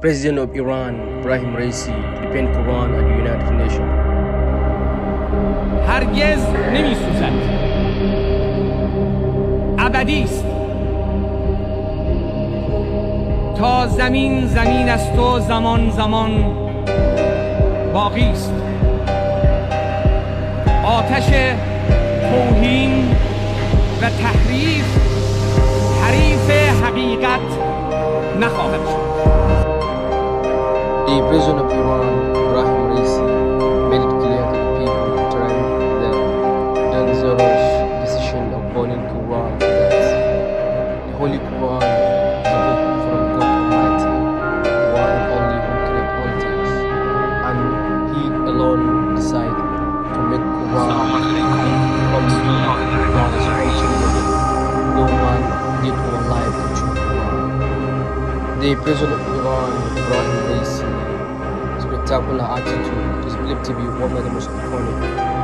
President of Iran, Ibrahim Raisi, defend Quran at the United Nations. هرگز نمی سوزد ابدی است تا زمین زمین است و زمان زمان باقی است آتش توهین و تحریف حریف حقیقت نخواهد شد President of Iran, Ibrahim Raisi, made it clear to the people of Iran that Danzaro's decision of burning Quran that the Holy Quran is a book from God Almighty, the one and only who created all things, and He alone decided to make Quran become the that is ultimately no man did or life to Quran. The President of Iran, Ibrahim Raisi, Tabula Attitude is believed to be one of the most important